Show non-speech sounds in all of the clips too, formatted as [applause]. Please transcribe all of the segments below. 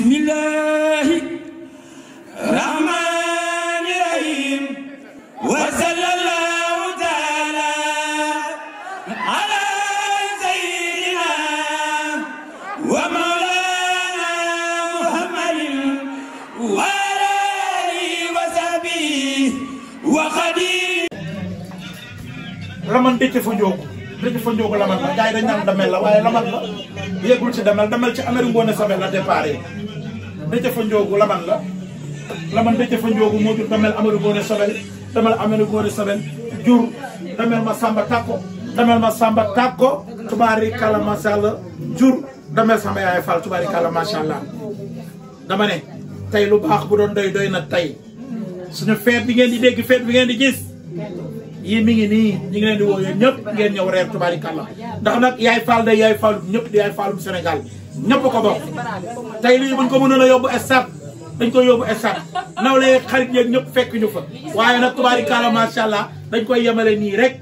بسم الله الرحمن الرحيم وصلى الله تعالى على سيدنا ومولانا محمد وعلى اله وصحبه وخديم رمان ديتي فنجوكو dëkk fa Ndiobo Lamane la gars yi dañ naan damel la waaye Lamane la yëgul ci damel damel ci Amérique ngoone Samel la départ dëcc fa njoogu laban la laban dëcc fa njoogu moo jur damel amadu góore sobel damel amadu góore sobel jur damel ma samba tàkko damel ma samba tàkko tubaari kala macha allah jur damel sama yaay fal tubaari kala macha allah dama ne tey lu baax bu doon doy doy na tey suñu feet bi ngeen di dégg feet bi ngeen di gis yii mi ngi nii ñu ngi leen di woo de ñëpp ngeen ñëw reer tubaari kala ndax nag yaay fal day yaay falum ñëpp di yaay falum Sénégal ñëpp ko bokk tey lii buñ ko mënoon a yóbbu stade dañ koy yóbbu stade nawle yeeg xarit yeeg ñëpp fekk ñu fa waaye nag tubaarikàlla macha allah dañ koy yemale nii rek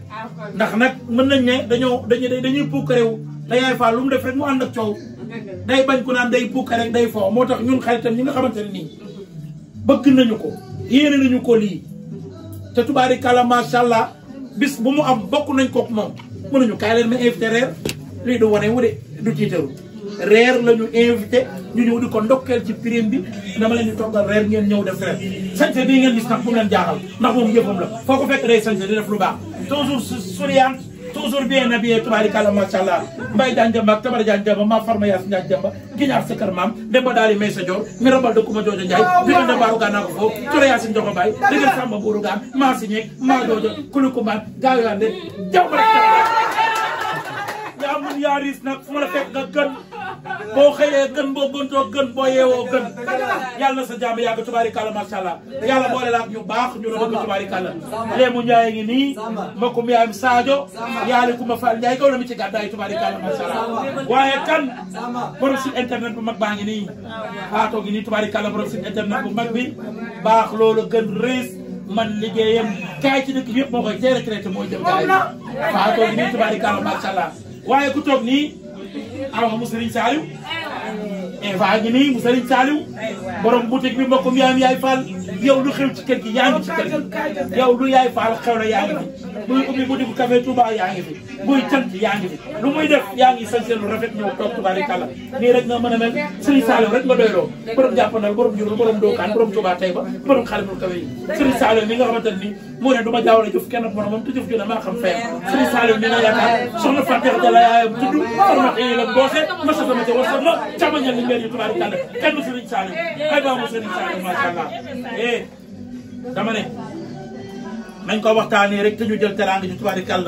ndax nag mën nañ ne dañoo dañuy dañuy puukkarewu te yaay fa lu mu def rek mu ànd ak coow day bañ ku naan day puukkare rek day fo moo tax ñun xaritam ñi nga xamante ne nii bëgg nañu ko yéene nañu ko lii te tubaarikàlla macha allah bis bu mu am bokk nañ kook moom mënuñu kaay leen ma invité reer du wane wu de du tiitaru reer la ñu invité ñu ñëw di ko ndokkeel ci prime bi dama leen di toggal reer ngeen ñëw def reer sañse bii ngeen gis nag mu leen jaaxal ndax moom yëppam la foo fekk day sañse di def lu baax toujours souriante toujours bien habillé tubaarikàlla macha allah mbay jaan jamba ak tabara jaan jamba maa farma maam demba daal yi may sa joor mi rabal dëkku joojo njaay bi na mbaaru gaa foofu tura si njoxo baay dëgër sàmba buuru gaan maa si ñeeg maa joojo kulukumaan boo xëyee gën boo gëntoo gën boo yeewoo gën yàlla sa jàmm yàgg tubaari kàlla macha allah yàlla boole la ak ñu baax ñu la bëgg tubaari kàlla léemu ñaay ngi nii makum yaayam Sadio yaali kuma Fall Ndiaye kaw la mi ci gàddaay tubaari kàlla macha allah waaye kan borom site internet bu ah, mag baa ngi nii xaatoo ngi nii tubaari kàlla borom internet bu mag bi baax loolu gën riis man liggéeyam kaay ci dëkk bi yëpp moo koy teel a traité mooy jëm kaay faatoo ngi ah, nii tubaari kàlla macha allah ku toog nii awa mu sëriñ Saliou Eva ngi nii mu sëriñ Saliou borom boutique bi mbokkum yaayam yaay Fall yow lu xew ci kër gi yaa ci kër gi yow lu yaay faal xew la yaa ngi fi buy ubbi mu dib café lu muy def yaa ngi sañse lu rafet ñëw toog Touba rek àlla rek nga mën a mel Serigne Saliou rek nga doyloo borom jàppandal borom jurul borom dookaan borom Touba tey ba borom xalimul kawe yi Serigne Saliou mi nga xamante ni moo ne du ma jaawale jëf kenn moromam te jëf ju ne maa xam fee Serigne Saliou mi na yaakaar soxna Fatou Diakha la yaayam tudd format yi la boose masatama ca war sama càmmañal li ngeen yi Touba rek àlla kenn Serigne eh dama ne nañ ko waxtaanee rek te ñu jël teraanga ji tubaari kàll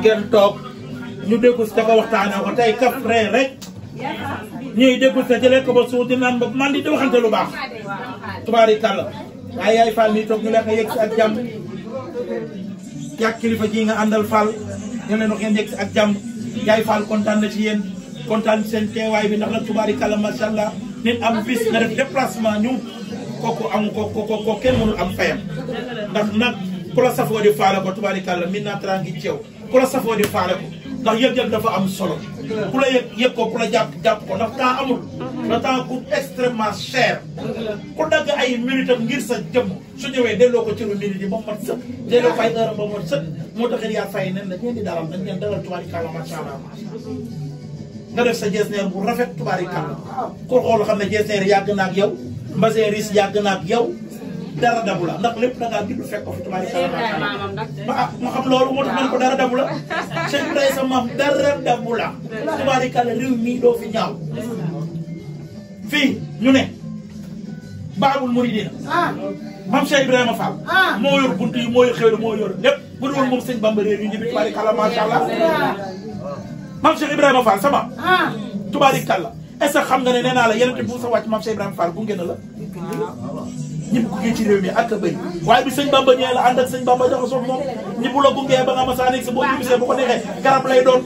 ngeen toog ñu déggu si dafa waxtaanee ko tey kaf rek ba suuti naan ba man di di waxante lu baax tubaari kàll waaye yaay Fall mi toog ñu lekk yegg si ak jàmm yàgg kilifa ji nga andal fal ñu leen wax ngeen yegg si ak jàmm yaay Fall kontaan na ci yéen kontaan seen teewaay bi ndax allah nit am bis def déplacement ñu kooku am ko ko ko kenn mënul am fayam ndax nag ku la safoo di faale ko tubaarikàlla min naa tara ngi ceew ku la safoo di faale ko ndax yëg-yëg dafa am solo ku la yëg ko ku la jàpp jàpp ko ndax temps amul le temps coûte extrêmement cher ku dagg ay minute am ngir sa jëmm su ñëwee delloo ko ci lu minute yi ba mat sëkk delloo fay heure ba mat sëkk moo taxit yaa fay nen dañ leen di dalal dañ leen dalal tubaarikàlla macha allah nga def sa jeesneer bu rafet tubaarikàlla ku xam ne jeesneer yàgg na mbasin riis yàgg na ak yow dara dabu ndax lépp da ngaa jublu fekk ko fi tubaab yi ma ma xam loolu moo tax man ko dara dabu Cheikh Ibrahima sa maam dara dabu la tubaab yi kàlla réew mii fi ñu ne baabul muridina maam Cheikh Ibrahima Fall moo yor bunt yi moo yor xew moo yor lépp bu dul woon moom Bamba réer yi ñibbi tubaab yi kàlla allah maam Cheikh Ibrahima Fall sama ah. tubaab est-ce que xam nga ne nee naa la yeneen bu sa wàcc maam Cheikh Ibrahima Fall gunge na la. ñi mu ci réew mi ak bëri waaye bi sëñ Bamba ñëwee la ànd ak Bamba jox moom ñi la gungee ba nga ma saa nekk si boo ñibbisee bu ko neexee garab lay doon.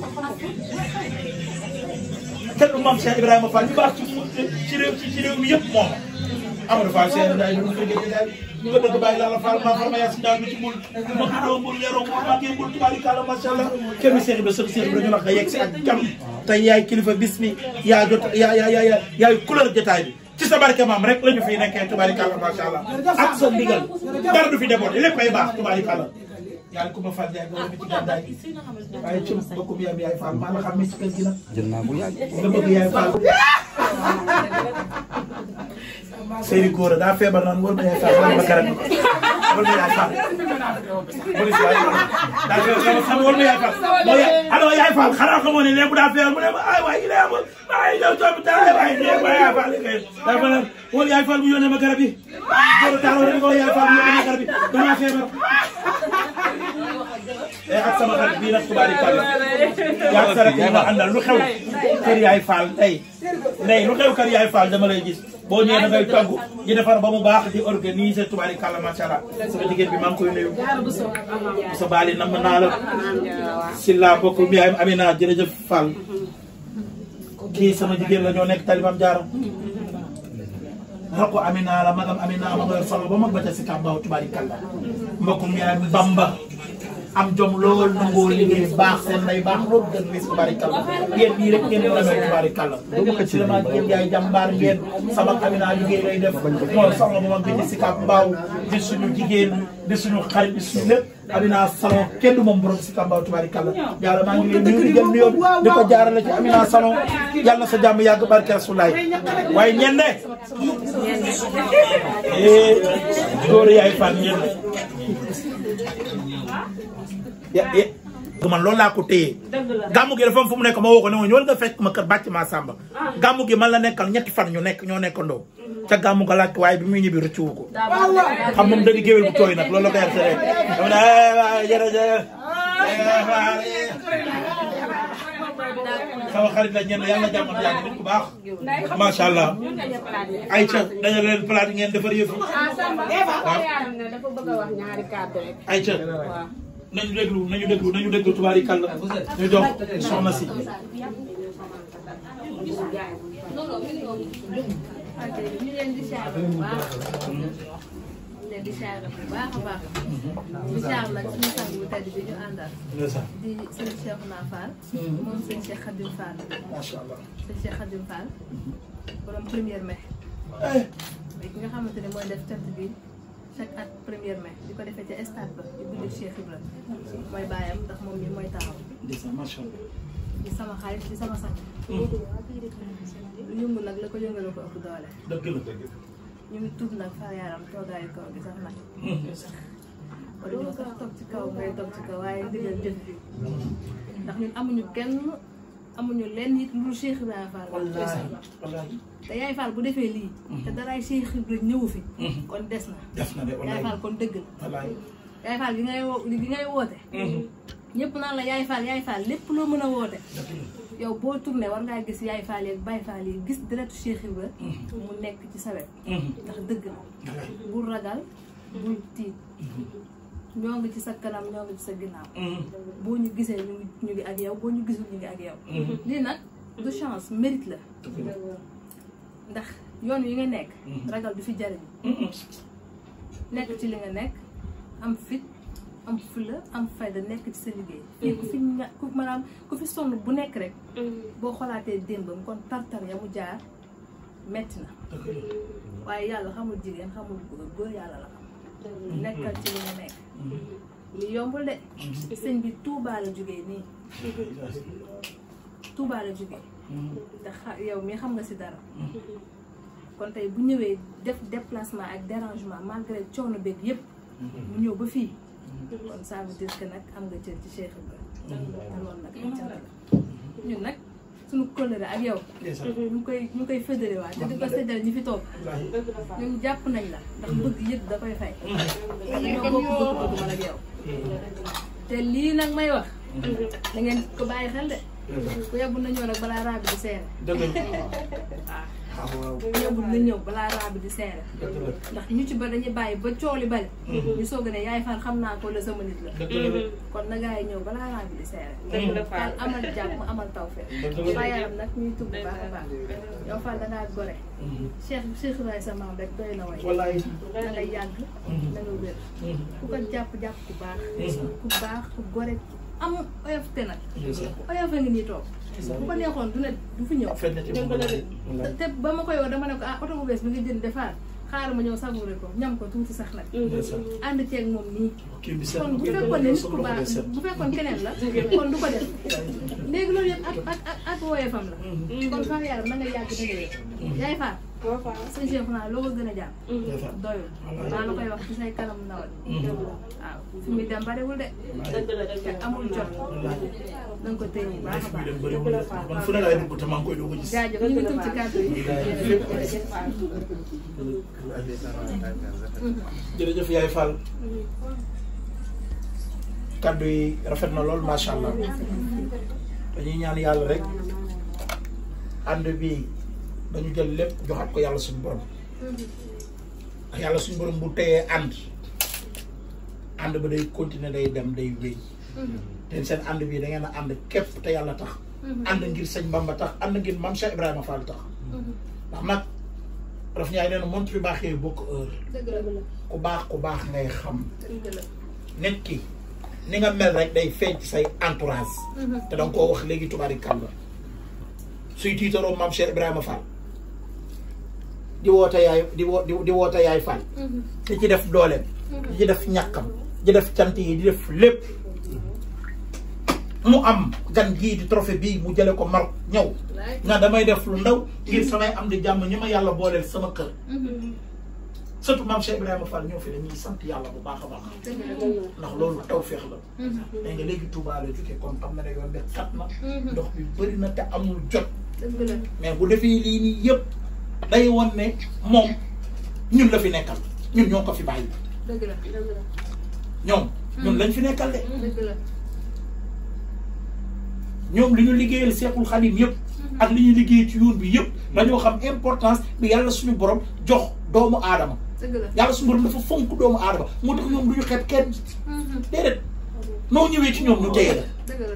kenn du maam Cheikh Ibrahima Fall ñu baax ci ci ci réew mi yëpp moom Amadou Fall Cheikh Ibrahima nga dëgg bàyyi laa la faal maa faal ma yaa si ndaal mi ci mbul ma tuddoo mbul yaroo mbul màggee mbul tubaarikàlla macha allah kenn seeri ba sër seeri bi dañu wax nga yegg si ak jàmm tey yaay kilifa bis mi yaa jot yaa yaa yaay couleur détail bi ci sa barke maam rek la ñu fiy nekkee tubaarikàlla macha allah ak sa ndigal dara du fi déborder lépp ay baax tubaarikàlla yaay ku ma fal yaay nga ci gàddaay bi waaye ci bokkum yaay yaay faal maa la xam ne si kër gi nag jël naa bu yàgg nga bëgg yaay faal [laughs] سيدي كورة دا في برنامج ورد يا سامي ورد يا سامي ورد يا سامي يا أنا يا فهد خلاص كمان اللي يبغى في أمور ما يبغى إلي أمور ما يبغى جنب تاعه ما يبغى يا فهد يا فهد ورد يا فهد بيجون ما كربي ورد تعالوا ورد يا فهد بيجون ما كربي دم يا سامي إيه، يا حتى ما خد بينا كباري كباري يا حتى ركيم عندنا لو خيو كريعي فهد أي أي لو خيو كريعي فهد ده ما لقيت boo ñëwee da ngay togg di defar ba mu baax di organiser tubaari kàlla macha allah sama jigéen bi maa ngi koy nuyu. Moussa Bali nam naa la. si laa bokk mi am Amina jërëjëf Fall. kii sama jigéen lañoo nekk talibam jaaram. rakku Amina la magam Amina ma koy solo ba mag ba ca si kàmbaaw tubaari kàlla mbokk mi am Bamba. am jom lool nangoo liggéey baax seen nday baax loolu gën wis tubaarikàlla yéen nii rek ngeen demee tubaarikàlla vraiment yéen yaay jàmbaar ngeen sama amina liggéey lay def moo soxla bu ma gëj si kàpp mbaaw di suñu jigéen di suñu xarit di suñu lépp Amina Salon kenn du moom borom si Kambaaw tubaarikàlla yàlla maa ngi lay nuyu di jël nuyoo di ko jaarale ci Amina Salon yàlla na sa jàmm yàgg barke Rasulaay waaye ñenn. góor eh, yaay fan ñenn. man loolu laa ko téye gàmmu gi dafa am fu mu nekk ma woo ko ne ma ñëwal nga fekk ma kër bàcc maa sàmba ah. gàmmu gi man la nekkal ñetti fan ñu nekk ñoo nekkandoo ca gàmmu ga laaj waaye bi muy ñibbi rëccu wu ko xam moom dëgg géwél bu tooy nag loolu la ko eh, eh, eh, ah. xarit la ñenn yàlla jàmm ak yàgg nit ku baax macha allah ay ca dañu leen ngeen defar nañu déglu nañu déglu nañu déglu tubaari kàlla ah, ñu jox soxna si. ñu leen di saar bu baax di bu baax a baax di saar nag suñu sang bu tedd bi ñu àndal di sëñ Cheikh Na Fall mhm. moom sëñ Cheikh Khadim Fall sëñ Cheikh Khadim Fall mhm. borom première mai ki eh. nga xamante ne mooy def tedd bi chaque at premier mai di ko defee ca stade ba di bind Cheikh Ibra mooy bàyyam ndax moom mi mooy taaw di sama xarit di sama sant hmm. lu yëngu nag la ko yëngale ko ëpp doole ñu ngi tuub nag faa yaram toogaayu kaw gi sax nag wala hmm. ñu sax toog ci kaw ngay toog ci kaw waaye ndigal jëf bi hmm. ndax ñun amuñu kenn amuñu lenn it lu Cheikh Ibrahima Fall. wallaahi te Yaay Fall bu defee lii. te daraay Cheikh Ibrahima ñëwu fi. kon des na. des na de Yaay Fall kon dëgg la. wallaahi Yaay Fall gi ngay wo gi ngay woote. ñëpp naan la Yaay Fall Yaay Fall lépp loo mën a woote. yow boo tourné war ngaa gis Yaay Fall yeeg Baye Fall yi gis deretu Cheikh Ibra mu nekk ci sa wet. ndax dëgg la. bul ragal bul tiit. ñoo ngi ci sa kanam ñoo ngi ci sa ginnaaw. Mm. boo ñu gisee ñu ngi ñu ngi ak yow boo ñu gisul ñu ngi ak yow. Mm. Mm. lii nag du chance mérite la. ndax yoon yi nga nekk. ragal du fi jariñ. nekk ci li nga nekk am fit am fula am fayda nekk ci sa liggéey. Mm-hmm. fii ku fi ña ku maanaam ku fi sonn bu nekk rek. Mm-hmm. boo xolaatee démbam kon tartar ya mu jaar metti na. waaye yàlla xamul jigéen xamul góor góor yàlla la. Mhmm. nekkal ci li mhmm. li yombul de mhmm. sëñ bi la la yow mi xam nga si dara kon bu def déplacement dérangement malgré coono beeg yépp mu ñëw ba fii kon ça veut dire que nag am nga cër ci Cheikh suñu kóllëre ak yow ñu koy ñu koy fédéré waat te di ko séddale ñi fi toog ñoom jàpp nañ la ndax mm. bëgg yëg da koy fay mm. ñoo bokk bëgg bëgg man ak yow mm. te lii nag may wax da ngeen ko bàyyi xel de ku yebbu nañoo nag balaa raag bi seen waaw ñëwul nga ñëw balaa raa bi di seere ndax ñu ci ba dañuy bàyyi ba cooli bari ñu soog ne yaay far xam naa ko la sama nit la kon na yi ñëw balaa raa bi di seere daal amal jàmm amal taw fe ba yaram nag ñuy tudd baax a baax yow fal dangaa gore mm-hmm. cheikh cheikh ray sa maam rek doy na way da nga yàgg da mm-hmm. nga wér mm-hmm. ku ko jàpp-jàpp ku baax ku gore am oyof te nag oyof a ngi nii toog bu ko neexoon du ne du fi ñëw te ba ma koy wax dama ne ko ah oto bu bees bi nga jënd defaat xaaral ma ñëw savouré ko ñam ko tuuti sax nag mm-hmm. ànd ceeg moom nii kon bu fekkoon ne nit ku baax bu fekkoon keneen la kon du ko def léegi yëpp ak ak ak wooyefam la mm-hmm. kon far yàlla na nga yàgg dëgg yaay faat sa chef naa loo ko gën a jàpp doyul maa la koy wax ci say kanam ndawal waaw fi muy dem amul jot da ko tëj bu baax a baax dëgg la faa man fu ne laay dugg ci yaay yi rafet na allah dañuy ñaan rek bi dañu jël lepp joxat ko yalla suñu borom mm-hmm. yalla suñu borom bu téyé and and ba day continuer day dem day wéy mm-hmm. té sen and bi da ngay na and képp té yalla tax and mm-hmm. ngir señ Bamba tax and ngir mam Cheikh Ibrahima Fall tax ndax nak raf ñay néna montre mont bi baaxee bokk heure ku bax ku bax ngay xam nit ki ni nga mel rek day fecc say entourage té dang ko wax léegi tubaari kàlla suy tiitaroo mam Cheikh Ibrahima Fall di woote yaay di woo di woote yaay fay mm-hmm. di ci def dooleem di ci def ñàkkam di def cant yi di def lépp mu am gan gii di trophée bii mu jële ko mar ñëw nga damay def lu ndaw ngir samay am di jàmm ñu ma yàlla booleel sama kër mm-hmm. surtout maam Cheikh Ibrahima Fall ñoo fi dañuy sant yàlla bu baax a baax mm-hmm. ndax loolu taw feex la da nga léegi Touba la jógee kon xam na ne yoon bi xat na ndox bi bëri na te amul jot mais bu defee lii nii yëpp day woon ne moom ñun la fi nekkal ñun ñoo ko fi bàyyi. dëgg la dëgg la. ñoom. ñun hmm. lañ fi nekkal de. Hmm, dëgg la. ñoom li ñu liggéeyal Seexul Xadim yëpp. Hmm. ak li ñu liggéey ci yoon bi yëpp. dañoo xam importance bi yàlla suñu borom jox doomu aadama. dëgg la yàlla suñu borom dafa fonk doomu aadama moo tax ñoom du ñu xeeb kenn. déedéet noo ñëwee ci ñoom ñu téye la. dëgg la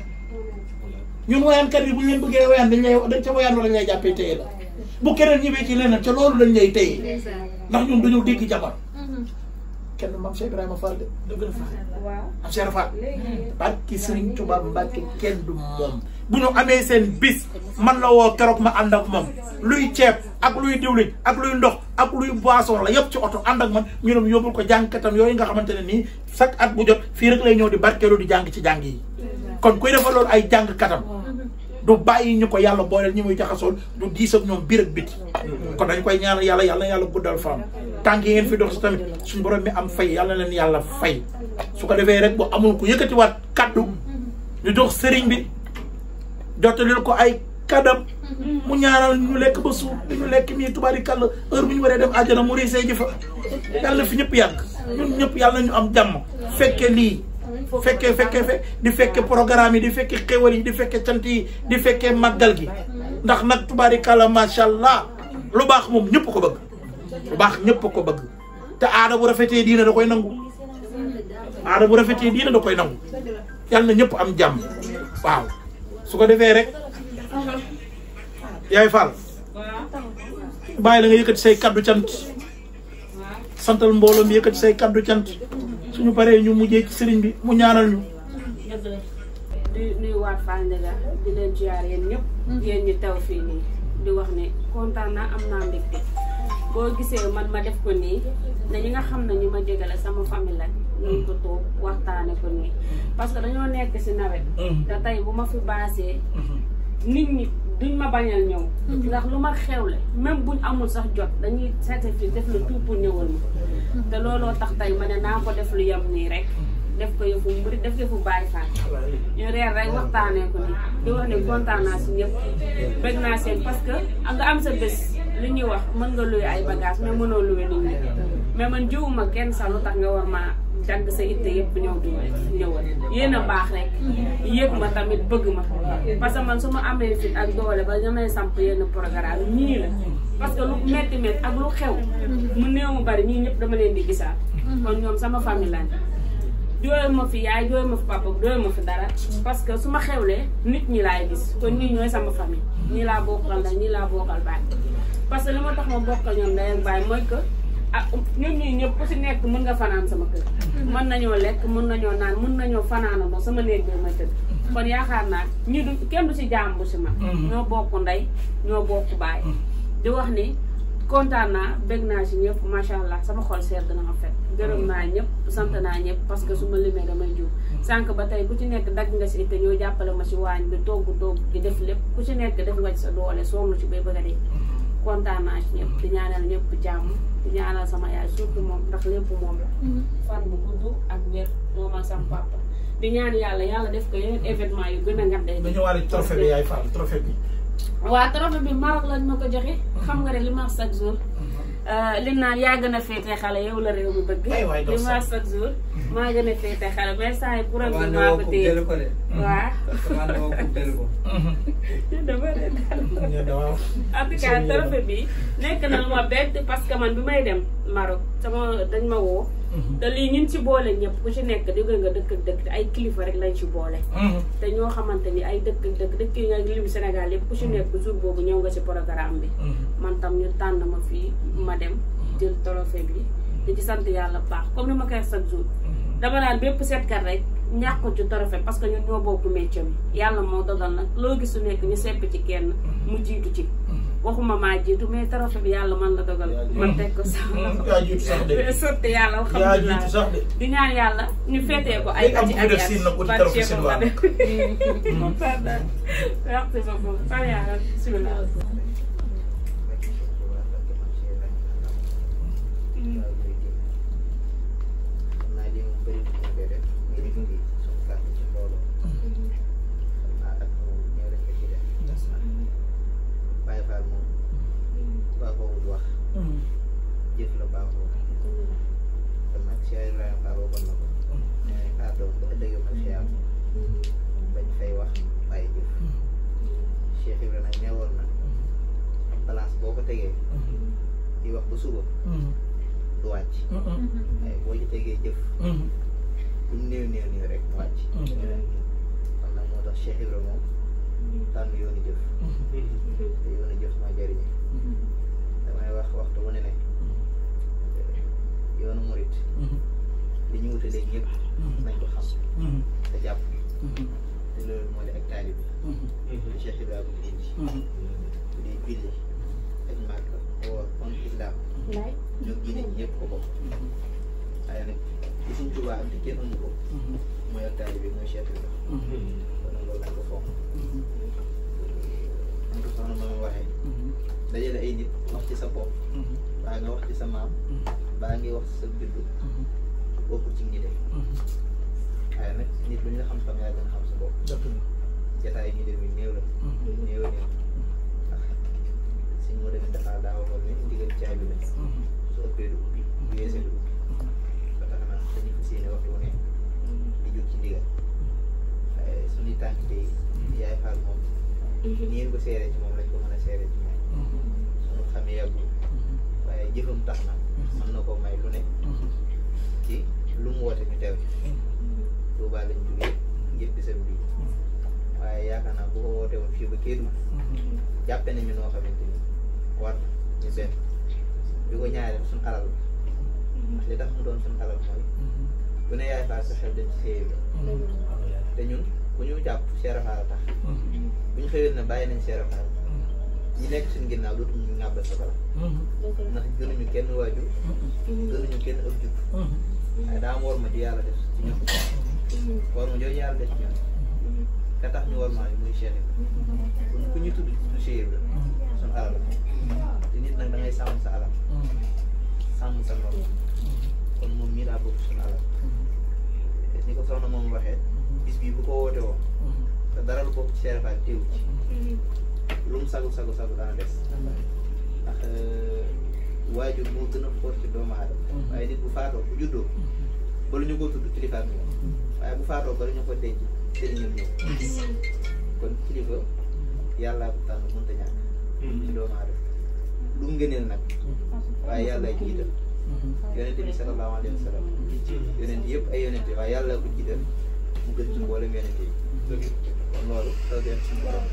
ñun wayaankat yi bu ñu leen bëggee wayaan dañ lay dañ ca wayaan wala ñu lay jàppee téye la. bu keneen ñëwee ci leneen ci loolu lañ lay téye ndax ñun duñu dégg jabar mm-hmm. kenn mam Cheikh Ibrahima Fall de dëgg la Fall am Cheikh Fall barki Serigne Touba Mbacke kenn du mom bu ñu amé seen bis man la wo kérok ma and ak mom luy ciép ak luy diwlin ak luy ndox ak luy boisson la yépp ci auto and ak man ñu ne yóbbul ko jàngkatam yoy nga xamantene ni sak at bu jot fi rek lay ñëw di barkelu di jang ci jang yi kon kuy defal lool ay jang jàngkatam du bàyyi ñu ko yàlla booleel ñi muy jaxasool du diis ak ñoom biir ak biti kon dañ koy ñaanal yàlla yàlla yàlla guddal faam tànk yi ngeen fi dox si tamit suñu borom mi am fay yàlla leen yàlla fay su ko defee rek bu amul ku yëkkatiwaat kaddu ñu jox sëriñ bi jottalil ko ay kadam mu ñaanal ñu lekk ba suuf ñu lekk nii tubaari kàll heure bu ñu waree dem àjjana mu riisee ji fa yàlla fi ñëpp yàgg ñun ñëpp yàlla ñu am jàmm fekkee lii fekkee fekke fe di fekkee programme yi di fekkee xéwal yi di fekkee cant yi di fekkee màggal gi ndax nag tubaarikàlla macha allah lu baax moom ñëpp ko bëgg lu baax ñëpp ko bëgg te aada bu rafetee diina da koy nangu aada bu rafetee diina da koy nangu yàlla na ñëpp am jàmm waaw su ko defee rek yaay Fall bàyyi la nga yëkkati say kaddu cant santal mbooloo mi say kaddu cant suñu paree ñu mujjee ci sëriñ bi mu ñaanal ñu. di nuyuwaat Fall Ndiaga di leen ziar yéen ñëpp. yéen ñi taw fii nii di wax ni kontaan naa am naa mbégte boo gisee man ma def ko nii na nga xam ne ñu ma jégale sama famille la ñu ko toog waxtaane ko nii parce que dañoo nekk si nawet. Mm-hmm. te tey bu ma fi baasee. Mm-hmm. nit ñi. duñ ma bañal ñëw. ndax lu ma xewle même buñ amul sax jot dañuy seete def lu tout pour ñëwal ma. te looloo tax tey ma ne naa ko def lu yem nii rek. def ko yëfu mbir def yëfu bàyyi faa ñu reer rek waxtaanee ko ni di wax ne kontaan naa si ñëpp bëgg naa seen parce que nga am sa bés li ñuy wax mën nga luy ay bagage mais mënoo luy nit ñi mais man jiwuma kenn sax lu tax nga war maa dagg sa itte yëpp ñëw di ñëwal yéen baax rek yëg ma tamit bëgg ma parce que man su ma amee ak doole ba damay samp yenn programme ñii la parce que lu metti metti ak lu xew mu mu bari ñëpp dama leen di gisaat kon sama famille lañ jooy ma fi yaay jooy ma fi papa jooy ma fi dara parce que su ma nit ñi gis kon sama famille ñii laa bokkal la ñii laa bokkal baay parce que li tax ma bokkal day ak baay que ah ñun ñi ñëpp ku ci nekk mun nga fanaan sama kër. mën nañoo lekk mën nañoo naan mën nañoo fanaana fanaanandoo sama néeg bi ma tëdd. kon yaakaar naa ñi du kenn du ci jaam bu si ma. Mm-hmm. ñoo bokk ndey ñoo bokk baay. Mm-hmm. di wax ni kontaan naa bég naa si ñëpp macha allah sama xol sedd na ma fet mm-hmm. gërëm naa ñëpp sant naa ñëpp parce que su ma limee damay jiw sànq ba tey ku ci nekk dagg nga si itte ñoo jàppale ma si waañ bi togg togg gi def lépp ku ci nekk def nga sa doole sonn ci bay bëgg a kontaan naa ci ñëpp di ñaanal ñëpp jàmm di ñaanal sama yaay surtout moom ndax lépp moom la. Mhm. fan bu gudd ak wér moom a sama papa. di ñaan yàlla yàlla def ko yeneen événement yu gën a nga day. dañu war a trophée bi yaay Fall trophée bi. waaw trophée bi Maroc lañ ma ko joxe. Mhm. xam nga ne li ma wax chaque jour. Mhm. Euh, li naan yaa gën a féete xale yow la réew mi bëgg. li ma chaque jour mhm. maa gën a féete mais saa yi pour ak man maa ko téye [laughs] waaw. waaw. [laughs] en tout cas trophée bi nekk na ma bett parce que man bi may dem Maroc sama dañ ma woo. Mhm. te lii ñun ci boole ñëpp ku ci nekk dégg nga dëkk dëkk ay kilifa rek lañ ci boole. Mhm. te ay dëkk dëkk dëkk yi nga Sénégal yëpp ku ci jour nga ci programme bi. man tam ñu tànn ma ma dem jël trophée bi di ci sant yàlla baax comme ni ma koy wax chaque jour mhm. dama naan bépp seetkat rek ñàkk ci trophée parce que ñun ñoo bokk métier bi yàlla moo dogal nag loo gis su nekk ñu sepp ci kenn mhm. mu jiitu ci mhm. waxuma maa jiitu mais trophée bi yàlla man la dogal man teg ko sax yaa jiitu sax de [laughs] sotti yàlla alhamdulilah di ñaan yàlla ñu feetee ko ay ati ay ati par chef ba de waxtu ba boobu par yàlla bismillah ko tegee di wax ba suba du wàcc waaye boo tegee jëf bu néew néew néew rek wàcc xam naa moo tax Cheikh Ibra moom tànn yoonu jëf te yoonu jëf ma jëriñ damay wax waxtu bu ne ne yoonu murit li ñu wutale ñëpp nañ ko xam te jàpp te loolu moo di ak taalibe Cheikh Ibra bu indi di julli teg màgg woor kon islaam ñoo diine ji ñëpp ko bokk waaye nag ci suñ tubaa am di kenn amu ko mooy ak taalibe bi mooy chef ay nit wax ci sa bopp baa nga wax ci sa maam baa ngi wax ci sa juddu bokkul ci ngi de waaye nag nit lu ñu la xam-xam yaa gën a xam sa bopp woote ñu teew ci Touba lañ jugee ngir bisam bi waaye yaakaar naa bu ko wootee woon fii ba Kédougou jàppe nañu noo xamante ni war ñu benn bi ko ñaareel suñ alal bi li tax mu doon suñ alal mooy bu ne yaay faal sa xel dem ci séyé bi te ñun bu ñu jàpp na bàyyi nañ Cheikh Fall ñi nekk suñ ginnaaw dootu ñu ngàbbal sa bala ndax gënuñu kenn waajur gënuñu kenn ëpp jub ada ma def ci war ma jooy yàlla def ñoom ka tax ñu war maa yi muy Cheikh Ibrahima ku ñu tudd du Cheikh Ibrahima sun alal te nit nag da ngay sàmm sa alal sàmm sa ngor kon moom mii daa bëgg sun alal ni ko soxna bis bu ko dara lu ci lu mu sagu sagu sagu dana des ndax waajur moo gën a fort ci doomu mhm. waaye nit bu faatoo bu juddoo mhm. bala ñu ko tudd kilifa mhm. waaye bu faatoo bala ñu ko denc sëriñam ñëw kon kilifa yàllaa bu tànn mënta ñàkk ci doomu aadama lu ngëneel nag waaye yàlla jiital yonente bi sallallahu alayhi wa sallam yonente yëpp ay yonente waaye yàlla ko jiital mu gën ci mboolem yonente yi kon loolu taw dee suñu borom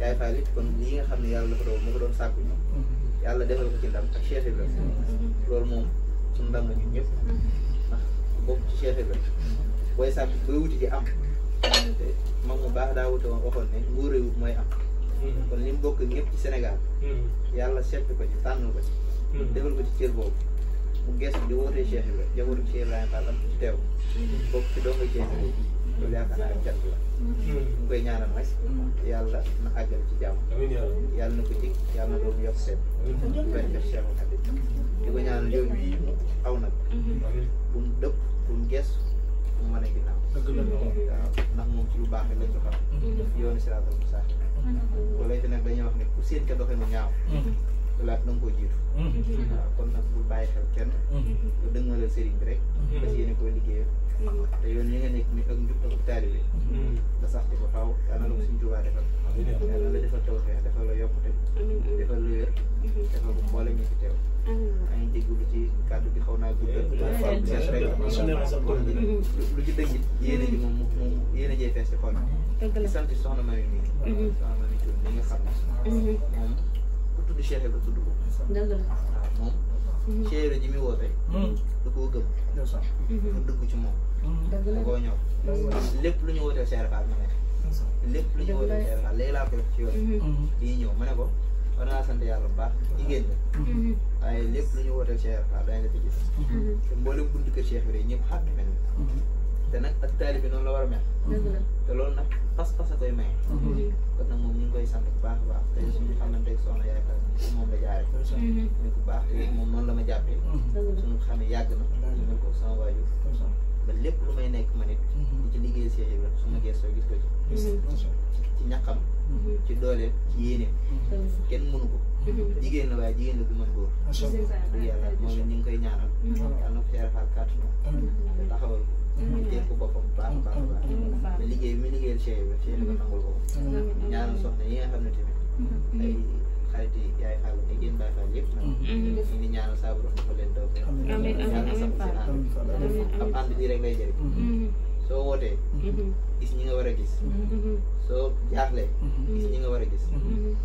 yaay faal it kon lii nga xam ne yàlla dafa doon mu doon sàkku yàlla defal ko ci ndam ak Cheikh Ibrahima mm-hmm. loolu moom suñu ndam la ñun ñëpp mm-hmm. ndax bokk ci Cheikh Ibrahima mm-hmm. booy sàmm booy wuti di am te mag mu baax daa wute woon waxoon ne nguur wut mooy am kon li bokk ñëpp ci Sénégal yàlla seppi ko ci tànn ko ci defal ko ci cër boobu mu gestu di ci teew ci dong Cheikh loolu yaakaar naa ak jant la. ñu hmm. koy ñaanal nag. yàlla na àggal ci jàmm. yàlla na ko jig yàlla na doon yokk seen. benn def Cheikh Khadim. di ko ñaanal yow yi aw nag. Hmm. bu mu dëpp bu mu gees mu mën a ginnaaw. waaw ndax moom ci lu baax rek lañ ko xam. Hmm. yoonu siraatal mustaqim. wala fi nag dañuy wax ne ku seen ka doxe mu ñaaw. xalaat na nga koo jiitu mm-hmm. waaw kon nag bul bàyyi xel kenn lu mm-hmm. dëngalal sëriñ bi rek mm-hmm. fas yéene koo liggéeyal te yoon yi nga nekk ni ak njub ak taalibe nga sax ci ba faaw daana la ko suñ jubaa defal yàlla la defal tawfeex defal la yokkute defal lu wér defal ko mboole ñu fi teew maa ngi jégalu ci kàddu bi xaw naa guddal fees eh, eh, rek eh, lu ci dëngit yéene ji moom moom yéene jee fees ci xol moom ku tudd Cheikh Ibra tudd ko. dëgg la waaw moom. Cheikh Ibra ji mi woote. Hmm. da koo gëm. mu dugg ci moom. Hmm. dëgg la ñëw. lépp lu ñu wootee Cheikh Ibra lépp lu ñu wootee Cheikh Ibra léegi laa koy ci yoon. kii hmm. ñëw ma ne ko war a sant yàlla bu baax jigéen ñi. waaye lépp lu ñu wootee Cheikh Ibra daañu la fi gis. te mboolem bunt kër Cheikh Ibra ñëpp xàmme nañu. te nag ak taalibe noonu la war a mel. te loolu nag pas-pas a koy maye. Mhm. Mhm. kon nag moom ñu ngi koy sant bu baax a baax tey suñu xamanteeg soxna yaay Fatou Ndiaye moom la jaaree. ñu mhm. ko baax te moom noonu la ma jàppee. suñu xamee yàgg na. ñu mel ko sama waajur. ba lépp lu may nekk man it. di ci liggéey Cheikh Ibrahima su ma gëstoo gis ko ci. ci ñàkkam. ci dooleel ci yéene. kenn mënu ko. jigéen la waaye jigéen la du mën góor. dëgg yàlla moom it ñu ngi koy ñaanal. yàlla na ko ci rafet kàttan. liggéey mi liggéeyal Cheikh Ibrahima Cheikh Ibrahima nangul ko ñaanal soxna yi nga xam ne tamit mm-hmm. ay xarit yi yaay xaal ni ngeen bàyyi xaal yëpp nag mm-hmm. ñu ngi mm-hmm. ñaanal saa borom dafa leen doog ñaanal sax si ànd ab ànd bii rek lay jëriñ soo wootee gis ñi nga war a gis soo jaaxlee gis ñi nga war a gis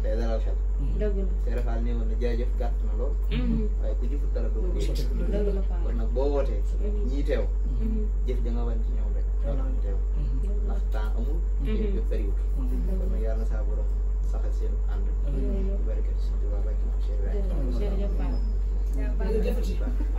day dalal xel see rafaal ne woon na jaajëf gàtt na lool waaye ku jëfut dara doo ko kon nag boo wootee ñii teew jëf da nga wan ci ñoom rek teew ndax temps amul. te bëriwul. kon nag yàlla na saa borom saxal seen ànd. barke ci Sëñ Tuubaa barke ci Cheikh Ibrahima.